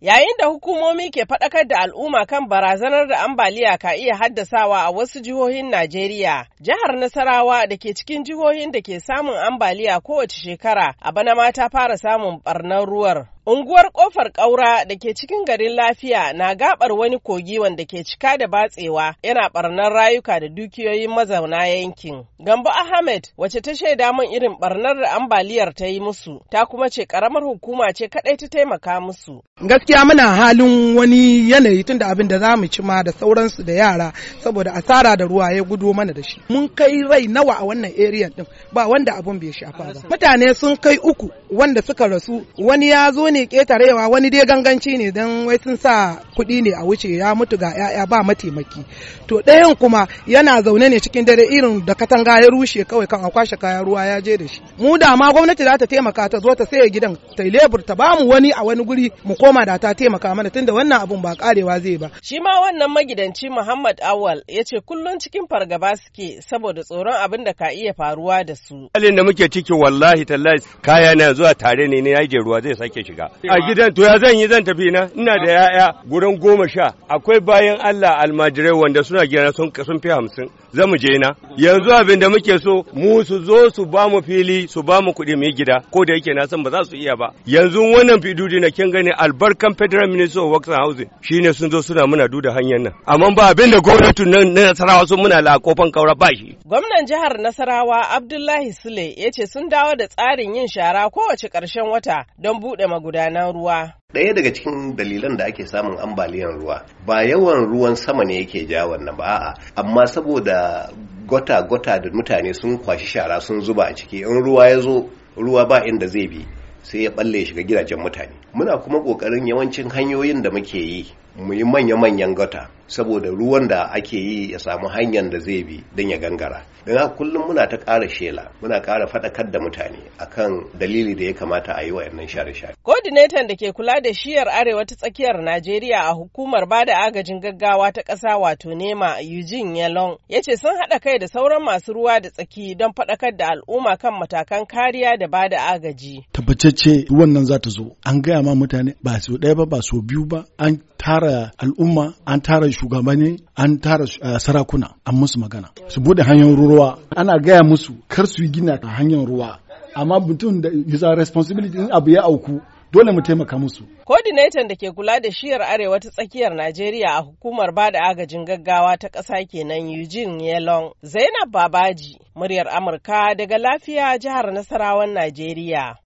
Yayin da hukumomi ke faɗakar da al'umma kan barazanar da ambaliya ka iya haddasawa a wasu jihohin Najeriya, jihar Nasarawa da ke cikin jihohin da ke samun ambaliya kowace shekara a bana ma ta fara samun ɓarnar ruwar. Unguwar kofar ƙaura da ke cikin garin lafiya na gabar wani kogi wanda ke cika da batsewa yana ɓarnar rayuka da dukiyoyin mazauna yankin. Gambo Ahmed wace ta shaida mun irin barnar da ambaliyar ta yi musu ta kuma ce karamar hukuma ce kadai ta taimaka musu. Gaskiya muna halin wani yanayi tunda abin da za mu ci ma da sauransu da yara saboda asara da ruwa ya gudu mana da shi. Mun kai rai nawa a wannan area din ba wanda abun bai shafa ba. Mutane sun kai uku wanda suka rasu wani ya zo ne ne ketarewa wani dai ganganci ne don wai sun sa kuɗi ne a wuce ya mutu ga 'ya'ya ba mataimaki to ɗayan kuma yana zaune ne cikin dare irin da katanga ya rushe kawai kan a kwashe kayan ruwa ya je da shi mu da ma gwamnati za ta taimaka ta zo ta saye gidan ta lebur ta bamu wani a wani guri mu koma da ta taimaka mana tunda wannan abun ba karewa zai ba shi ma wannan magidanci Muhammad Awal ya ce kullum cikin fargaba suke saboda tsoron abin da ka iya faruwa da su halin da muke ciki wallahi tallahi kaya na zuwa tare ne ne ya ruwa zai sake shiga a gidan to ya zan yi zan tafi na ina da ya'ya gurin goma sha akwai bayan Allah almajirai wanda suna gina sun fi hamsin za mu je na yanzu abin da muke so mu su zo su ba mu fili su ba mu kuɗi mu gida ko da yake na san ba za su iya ba yanzu wannan fidudi na kin gani albarkan federal minister of works and housing shine sun zo suna muna duda hanyar nan amma ba abin da gwamnati na nasarawa sun muna la kofan kaura ba shi gwamnan jihar nasarawa abdullahi sule ya ce sun dawo da tsarin yin shara kowace ƙarshen wata don buɗe magudanan ruwa Ɗaya daga cikin dalilan da ake samun ambaliyar ruwa ba yawan ruwan sama ne yake ja wannan ba a'a amma saboda gwata-gwata da mutane sun kwashi shara sun zuba a ciki in ruwa ya zo ruwa ba inda zai bi sai ya balle shiga gidajen mutane muna kuma ƙoƙarin yawancin hanyoyin da muke yi mu yi manya-manyan gata saboda ruwan da ake yi ya samu hanyar da zai bi don ya gangara don haka kullum muna ta ƙara shela muna ƙara faɗakar da mutane akan dalili da ya kamata a yi wa yannan share-share. Kodinetan da ke kula da shiyar arewa ta tsakiyar Najeriya a hukumar ba da agajin gaggawa ta ƙasa wato nema Eugene Yalon ya ce sun haɗa kai da sauran masu ruwa da tsaki don faɗakar da al'umma kan matakan kariya da ba da agaji. Tabbatacce ruwan nan za ta zo an gaya ma mutane ba su ɗaya ba ba su biyu ba an tara tara al'umma an tara shugabanni an tara eh, sarakuna an musu magana su bude hanyar ruwa ana gaya musu kar su yi gina hanyar ruwa amma mutum da yasa responsibility in abu ya auku dole mu taimaka musu. Coordinator da ke kula da shiyar arewa ta tsakiyar Najeriya a hukumar ba da agajin gaggawa ta ƙasa kenan Eugene Yelon, Zainab Babaji, muryar Amurka daga lafiya jihar Nasarawan Najeriya.